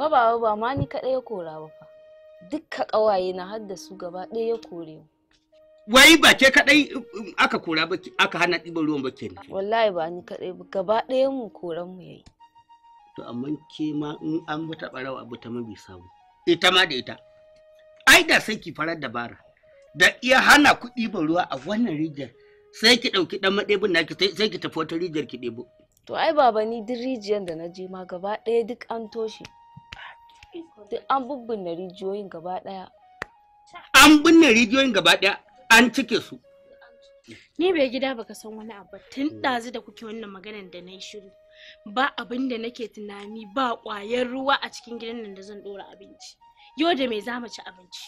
fa ba ba ma ni kaɗai ya kora ba fa dukka ƙawaye na har da su gaba ɗaya ya kore wai ba ke kaɗai um, um, aka kora ba aka hana ɗiban ruwan ba kenan wallahi ba ni kaɗai ba gaba ɗaya mu koran mu yayi to amma ke ma in an bi ta ɓarawa abu ta mabi samu ita ma da ita ai da sai ki farar dabara da iya hana ku ɗiban ruwa a wannan rijiyar sai ki ɗauki ɗan maɗebin naki sai ki tafi wata rijiyar ki ɗebo to ai baba ni duk rijiyar da na je ma gaba ɗaya duk an toshe duk an bubbunna rijiyoyin gaba an binne rijiyoyin gaba daya an cike su ni bai gida baka san wani abu tun ɗazu da kuke wannan maganar da na yi shiru ba abin da nake tunani ba ƙwayar ruwa a cikin gidan nan da zan dora abinci yau da me za mu ci abinci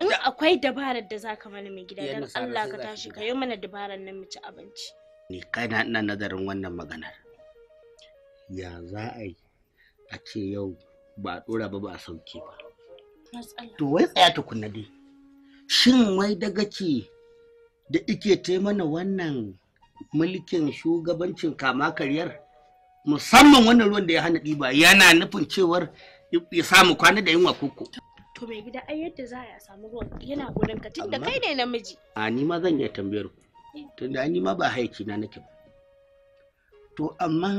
in akwai dabarar da zaka ka mana mai gida don allah ka tashi ka yi mana dabarar nan mu ci abinci ni kaina ina nazarin wannan maganar ya za a yi a ce yau ba a ɗora ba ba a sauke ba to wai tsaya kunna dai shin wai daga ce da ike ta mana wannan mulkin shugabancin kama karyar musamman wannan ruwan da ya hana ɗiba yana nufin cewar ya samu kwana da yunwa koko. To mai gida ai yadda za a samu ruwan yana gurin ka da kai ne namiji. A ni ma zan iya tambayar ku eh. tunda ni ma ba haiki na nake ba. To amma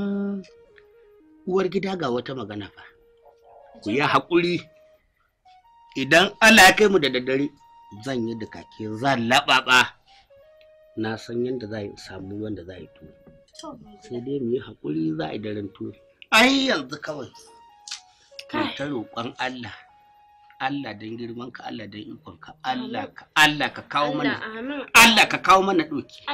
uwar gida ga wata magana fa. ku yi haƙuri idan Allah ya kai mu da daddare zan yi da kake zan laɓaɓa na san yadda za yi samu wanda za a yi tuwo sai dai mu yi haƙuri za a yi daren tuwo ai yanzu kawai ta roƙon Allah Allah don girman ka Allah don ikon ka Allah ka Allah ka kawo mana Allah ka kawo mana doki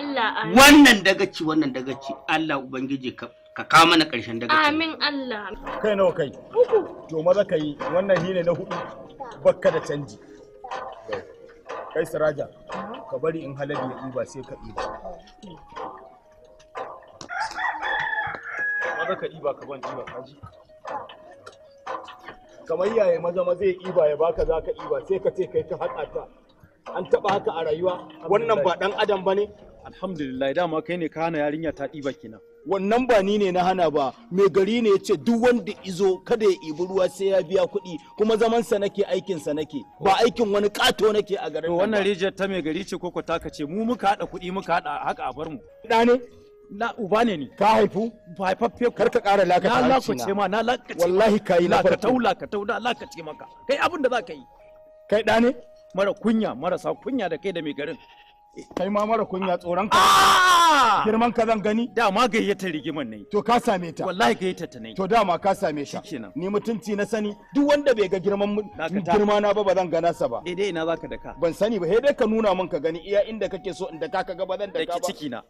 wannan dagaci wannan dagaci Allah ubangiji ka kawo mana ƙarshen dagaci amin Allah kai nawa kai uku to maza ka yi wannan hine na hudu bakka da canji kai siraja ka bari in halabi ya ɗiba sai ka ɗiba maza ka ɗiba ka ban ɗiba kaji kamar yaya maza maza ya ɗiba ya baka za ka ɗiba sai ka ce kai ka haɗa ta an taɓa haka a rayuwa wannan ba ɗan adam ba ne alhamdulillah dama kai ne ka hana yarinya ta ɗiba kenan wannan ba ni ne na hana ba mai gari ne ya ce duk wanda izo kada ya ibi ruwa sai ya biya kuɗi kuma zaman sa nake aikin sa nake ba aikin wani ƙato nake a garin wannan rijiyar ta mai gari ce koko taka ce mu muka haɗa kuɗi muka haɗa haka a bar mu ɗa ne na uba ne ni ka haifu ba haifaffe kar ka ƙara lakata na lakace ma na lakace wallahi kai na lakatau lakatau na lakace maka kai abin da za ka yi kai ɗa ne mara kunya mara sa kunya da kai da mai garin kai ma mara kunya tsoron ka girman ka zan gani da ma gayyata rigiman nayi to ka same ta wallahi gayyata ta nayi to da ma ka same ta ni mutunci na sani duk wanda bai ga girman girma na ba ba zan gana sa ba daidai eh, ina zaka daka ban sani ba sai dai ka nuna min ka gani iya inda kake so inda ka ga ba zan daka ba ciki na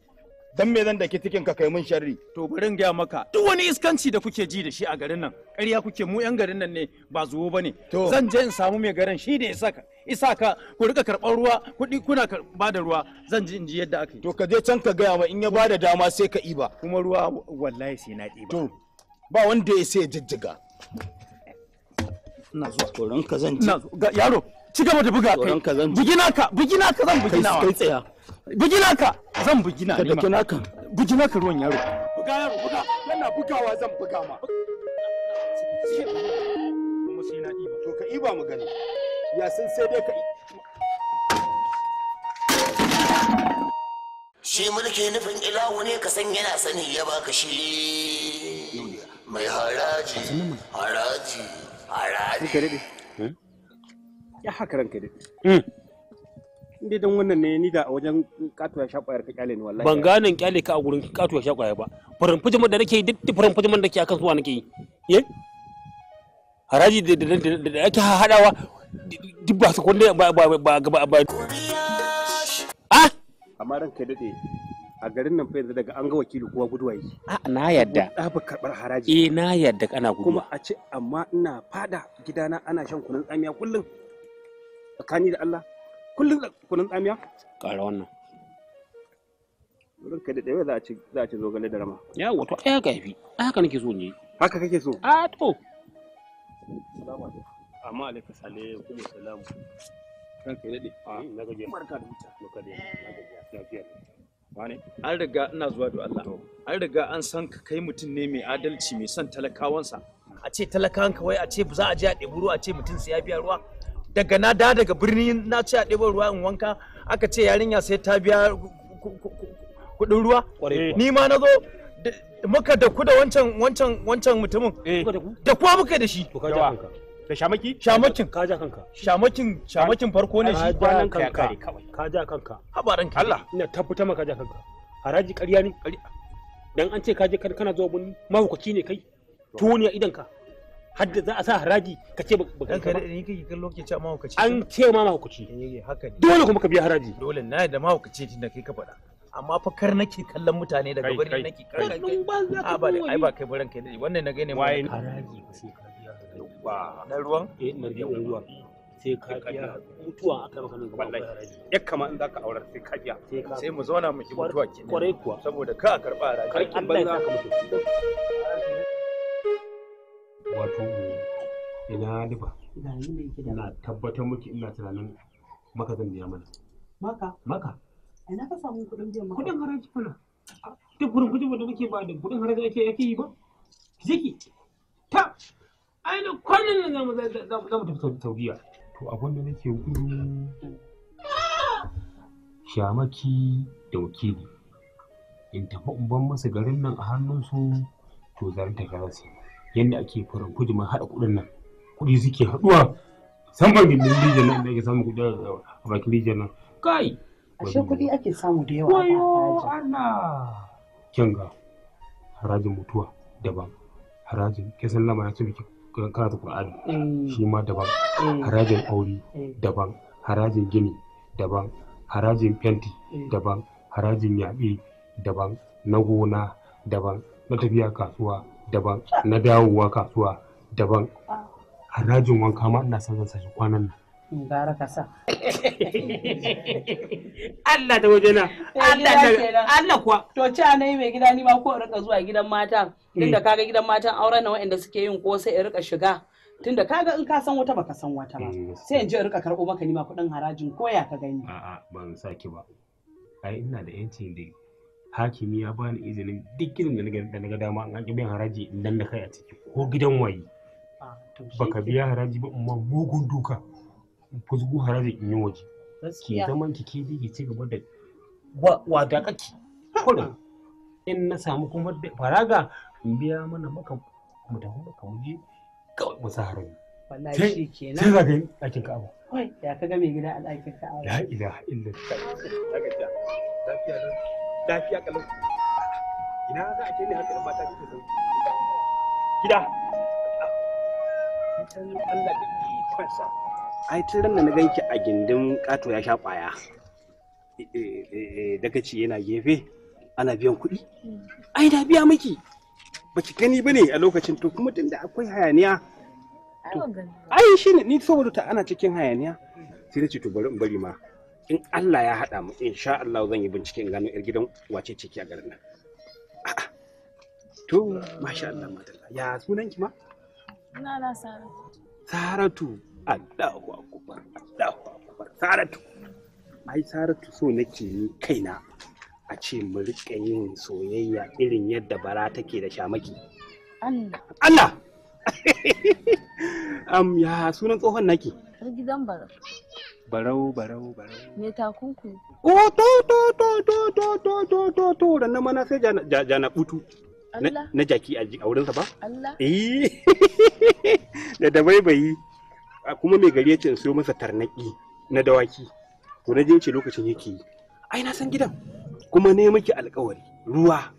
dan me zan daki cikin ka kai mun sharri to bari in gaya maka duk wani iskanci da kuke ji da shi a garin nan ƙarya kuke mu yan garin nan ne ba zuwo bane zan je in samu mai garin shi da isa ka isa ka ku rika karɓar ruwa kuɗi kuna ba da ruwa zan ji in ji yadda aka yi to ka je can ka gaya ma in ya ba da dama sai ka iba kuma ruwa wallahi sai na ɗiba to ba wanda ya sai jijjiga ina zuwa tsoron ranka zan ji yaro ci gaba da buga kai bugina ka bugina ka zan bugina wa kai tsaya bugi naka zan bugi na nima naka bugi naka ruwan yaro buga yaro buga yana bugawa zan buga ma kuma sai na iba to ka iba mu gani ya san sai dai ka shi mulki nufin ilahu ne ka san yana sani ya baka shi mai haraji haraji haraji hmm? ya haka ranka dai inda don wannan ne ni da a wajen katuwa sha kwayar ka kyale ni wallahi ban ganin kyale ka a gurin katuwa sha kwaya ba farin fujiman da nake duk farin fujiman da ke akan zuwa nake yi eh haraji da da ake hadawa duk ba su kunne ba ba ba ba ba ah amma ran kai dade a garin nan fa yanzu daga an ga wakili kuwa guduwa yi a ah, na yadda da ba karbar haraji eh na yadda kana guduwa kuma a ce amma ina fada gidana ana shan kunun tsamiya kullum tsakani da Allah kullum kunun tsamiya ƙara wannan wurin kai da ɗaya za a ci za a ci zogale da rama ya wato ɗaya ga haka nake so ne haka kake so a to salamu daɗe eh, na gaje barka da mutum barka da lafiya wane an riga ina zuwa da Allah an riga an san ka kai mutum ne mai adalci mai son talakawansa a ce talakawan wai a ce za a je a ɗebi ruwa a ce mutum sai ya biya ruwa daga na da daga birni na ce a ɗebo ruwa in wanka aka ce yarinya sai ta biya kuɗin ruwa ni ma na zo muka da ku da wancan wancan wancan mutumin da eh. kuwa muka da shi da shamaki shamakin ka ja kanka shamakin shamakin farko ne shi kwanan kanka ka ja kanka habaran ka Allah ina tabbata maka ja kanka haraji ƙarya ne dan an ce ka je kana zuwa bunni mahukaci ne kai tuniya idan ka hadda za a sa haraji ka ce baka kai ne kake kallo ke ce an ce ma mahaukaci eh, eh, dole kuma ka biya haraji dole na da mahaukaci tunda kai ka faɗa amma fa kar nake kallon mutane daga bari nake kar a ba ai ba kai baran kai dai wannan na ga ne mai haraji sai ka biya ba na ruwan eh na ruwan sai ka biya mutuwa aka maka nan gaba haraji ya kama in zaka aurar sai ka biya sai mu zauna mu ki mutuwa kenan kwarai kuwa saboda ka karba haraji kar kin banza ka mutuwa. wato ina nufa ina tabbatar muke ina tunanin maka zan biya mana maka maka ina ka samu kuɗin biyan maka kuɗin haraji kuna duk gurin kuɗin da muke ba da kuɗin haraji ake yake yi ba ziki ta ainihin kwanan nan za mu tafi saudiya to abin da nake gudu shamaki da wakili in tafi umban masa garin nan a hannunsu to zan tafi rasu yadda ake fara kudi ma haɗa kuɗin nan kuɗi suke haɗuwa musamman gindin rijiyar nan da ake samun kuɗi a bakin rijiyar nan kai ashe kuɗi ake samu da yawa wayo ana kyan ga harajin mutuwa daban harajin kisan lamarin su biki karatu Kur'ani eh. shi ma daban eh. harajin aure eh. daban harajin gini daban harajin fenti daban harajin yaɓe daban na gona daban na tafiya kasuwa daban na dawowa kasuwa daban harajin wanka ma ina son sashi kwanan nan gara ka sa Allah da wajena Allah kuwa to ci yi mai gida ni ma ko in rika zuwa gidan matan tunda hmm. kaga gidan matan auren na waɗanda suke yin ko sai in rika shiga tunda kaga in ka san wata baka san wata ba hmm, sai in je in rika karɓo maka ni ma kuɗin harajin koya ka gani a'a ban saki ba ai ina da yancin da hakimi ya bani izinin duk gidan da na ga dama an ƙi biyan haraji dan da kai a ciki ko gidan waye ah, baka biya haraji ba amma mugun duka fuzgu haraji in yi waje ki zaman ki ke ki ci gaba da wa da kake kullum in na samu kuma faraga in biya mana maka mu da mu kawai mu sa haraji sai za ka yi aikin ka'aba Wai, ya ka ga mai gida a ɗakin ka. La ilaha illa. Lafiya lau. Lafiya kalau. Ina za a ce ne haka mata take zo. Gida. Mutan Allah da ke ikonsa. Ai tun ran da na ganki a gindin ƙato ya sha ƙwaya. Eh, eh, eh, daga ce yana gefe ana biyan kuɗi. Ai na biya miki. Baki gani bane a lokacin to kuma tunda akwai hayaniya ai shi ne ni saboda ta ana cikin hayaniya sai na ce to bari in bari ma in Allah ya haɗa mu insha Allah zan yi bincike in gano 'yar gidan wace ciki a garin nan to masha Allah matalla ya sunan ki ma ina na saratu saratu Allahu akbar Allahu akbar saratu ai saratu so nake ni kaina a ce mu riƙa yin soyayya irin yadda bara take da shamaki Allah Allah am ya sunan tsohon naki gidan barau barau barau barau me takunku oh to to to to to to to to to ranna mana sai jana butu na jaki a wurinsa ba Allah eh da dabaibayi kuma mai gari ya ce in siyo masa tarnaki na dawaki to na je ce lokacin yake ai na san gidan kuma ne miki alƙawari. ruwa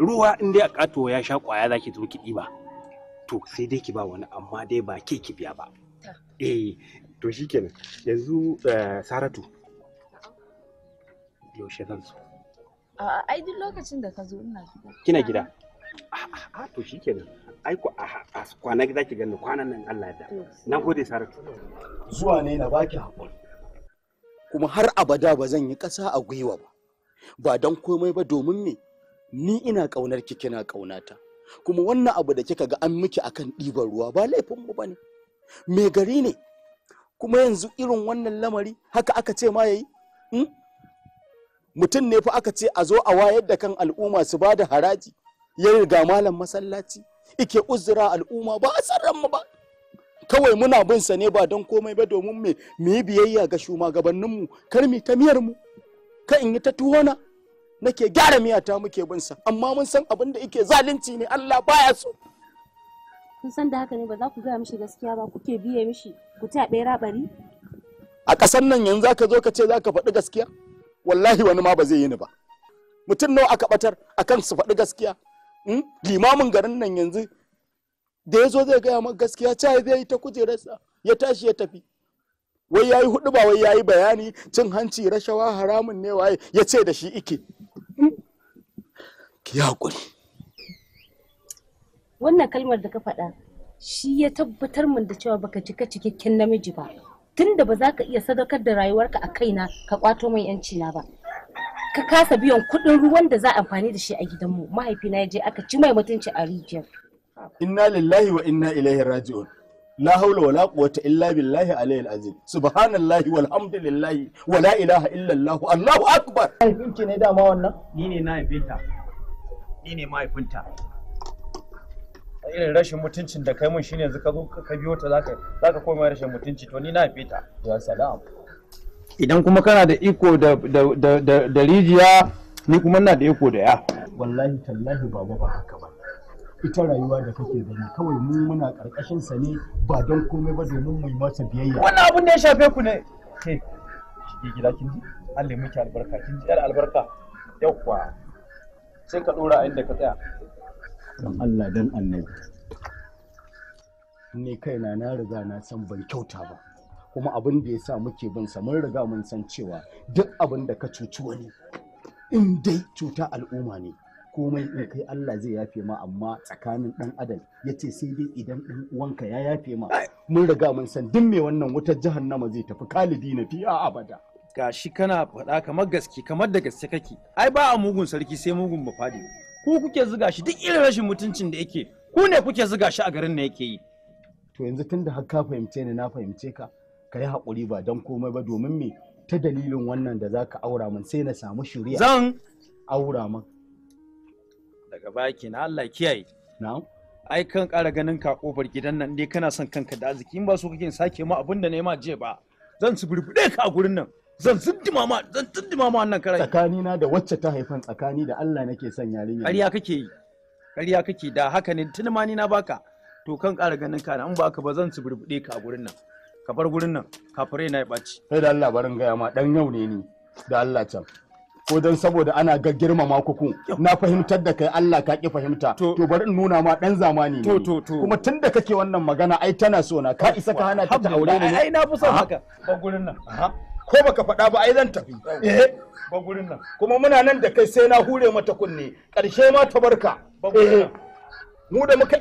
ruwa in dai a ƙato ya sha kwaya zaki zo ki ɗiba to sai dai ki ba wani amma dai ba ke ki biya ba eh to shi kenan yanzu eh, saratu yaushe zan so a'a ai duk lokacin da ka zo ina gida kina gida A to shi kenan. ai ku a kwana gida ki gani kwanan nan Allah da na gode saratu zuwa ne na baki hakuri kuma har abada ba zan yi ƙasa a gwiwa ba ba don komai ba domin me ni ina ƙaunar ki kina ƙaunata kuma wannan abu da kika ga an miki akan ɗiban ruwa ba laifin mu bane me gari ne kuma yanzu irin wannan lamari haka aka ce ma yayi hmm? mutum ne fa aka ce a zo a wayar da kan al'umma su bada haraji ya riga malam masallaci ike uzura al'umma ba a san ba kawai muna bin sa ne ba don komai ba domin me mu biyayya ga shugabanninmu kar mi ta miyar mu ka in yi ta na. nake gyara miyata muke bin sa amma mun san abin da yake zalunci ne Allah baya so kun san da haka ne ba za ku gaya mishi gaskiya ba kuke biye mishi ku ta ɗaya rabari a ƙasar nan yanzu zaka zo ka ce zaka faɗi gaskiya wallahi wani ma ba zai yi ni ba mutum nawa aka batar akan su faɗi gaskiya hmm? limamin garin nan yanzu da ya zo zai gaya ma gaskiya ca zai yi ta kujerarsa ya tashi ya tafi wai yayi hudu ba wai yayi bayani cin hanci rashawa haramun ne waye ya ce da shi ike ki haƙuri wannan kalmar da ka faɗa shi ya tabbatar min da cewa baka cika cikakken namiji ba tunda ba za ka iya sadaukar da rayuwarka a kaina ka kwato min yanci na ba ka kasa biyan kuɗin ruwan da za a amfani da shi a gidanmu mahaifina ya je aka ci mai mutunci a rijiyar inna lillahi wa inna ilaihi raji'un la haula wala quwwata illa billahi alayhi azim subhanallahi walhamdulillahi wala ilaha illa allah allahu akbar kin ne dama wannan ni ne na ta. ni ne mahaifinta irin rashin mutuncin da kai mun shine yanzu ka zo ka biyo ta za ka koma rashin mutunci to ni na haife ta ya salam idan kuma kana da iko da da da da rijiya ni kuma ina da iko da ya wallahi tallahi baba ba haka ba ita rayuwa da kake gani kawai mu muna karkashin sa ne ba don komai ba domin mu yi masa biyayya wannan abin da ya shafe ku ne ke shige gida kin ji Allah ya miki albarka kin ji yar albarka yauwa sai ka dora inda ka tsaya don Allah dan annabi ni kaina na riga na san ban kyauta ba kuma abin da ya sa muke bin sa mun riga mun san cewa duk abin da ka cuci wani in dai cuta al'umma ne komai in kai Allah zai yafe ma amma tsakanin dan adam ya ce sai dai idan dan uwanka ya yafe ma mun riga mun san duk me wannan wutar jahannama zai tafi kalidi na a abada ga shi kana faɗa kamar gaske kamar da gaske kake ai ba a mugun sarki sai mugun ba ku kuke zuga shi duk irin rashin mutuncin da yake ku ne kuke zuga shi a garin na yake yi to yanzu tunda har ka fahimce ni na fahimce ka ka yi haƙuri ba don komai ba domin me ta dalilin wannan da zaka aura min sai na samu shuriya zan aura min daga baki na Allah kiyaye na'am ai kan ƙara ganin ka kofar gidan nan dai kana son kanka da arziki in ba so kake sake mu abin da na yi ma jiya ba zan su burbuɗe ka a gurin nan zan tsindima ma zan tsindima ma wannan karai tsakani na da wacce ta haifan tsakani da Allah nake son yarinya ƙarya kake yi ƙarya kake da haka ne tun ma ni na baka to kan ƙara ganin ka in baka ba zan suburbuɗe ka a gurin nan ka bar gurin nan kafirai na ya ɓaci sai da Allah barin gaya ma dan yau ne ni da Allah can ko don saboda ana ga girmama ku na fahimtar da kai Allah ka ki fahimta to bari in nuna ma dan zamani ne kuma tunda kake wannan magana ai tana so na ka isa ka hana ta aure ne ai na fi son haka ba gurin nan ko baka faɗa ba ai zan tafi eh ba gurin nan kuma muna nan da kai sai na hure mata kunne ƙarshe ma ta barka ba gurin eh. nan mu da muka